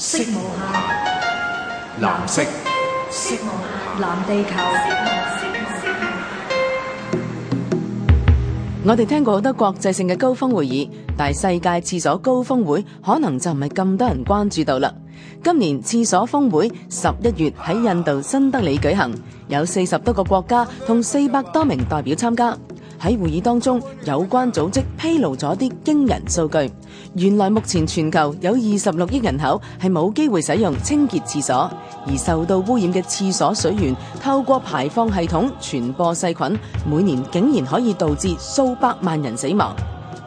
色無下,色無下藍色。色無下藍地球。我哋聽過好多國際性嘅高峰會議，但係世界廁所高峰會可能就唔係咁多人關注到啦。今年廁所峰會十一月喺印度新德里舉行，有四十多個國家同四百多名代表參加。喺會議當中，有關組織披露咗啲驚人數據。原來目前全球有二十六億人口係冇機會使用清潔廁所，而受到污染嘅廁所水源透過排放系統傳播細菌，每年竟然可以導致數百萬人死亡。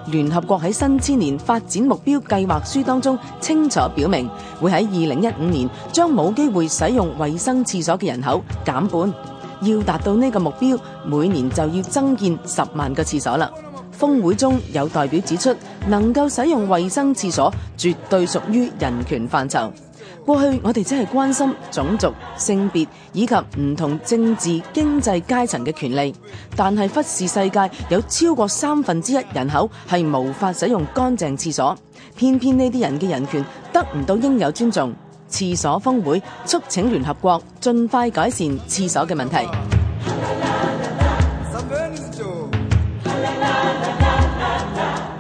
聯合國喺新千年發展目標計劃書當中清楚表明，會喺二零一五年將冇機會使用衛生廁所嘅人口減半。要達到呢個目標，每年就要增建十萬個廁所啦。峰會中有代表指出，能夠使用衛生廁所絕對屬於人權範疇。過去我哋只係關心種族、性別以及唔同政治經濟階層嘅權利，但係忽視世界有超過三分之一人口係無法使用乾淨廁所，偏偏呢啲人嘅人權得唔到應有尊重。廁所峰會促請聯合國盡快改善廁所嘅問題。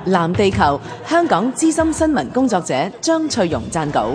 藍地球，香港資深新聞工作者張翠容撰稿。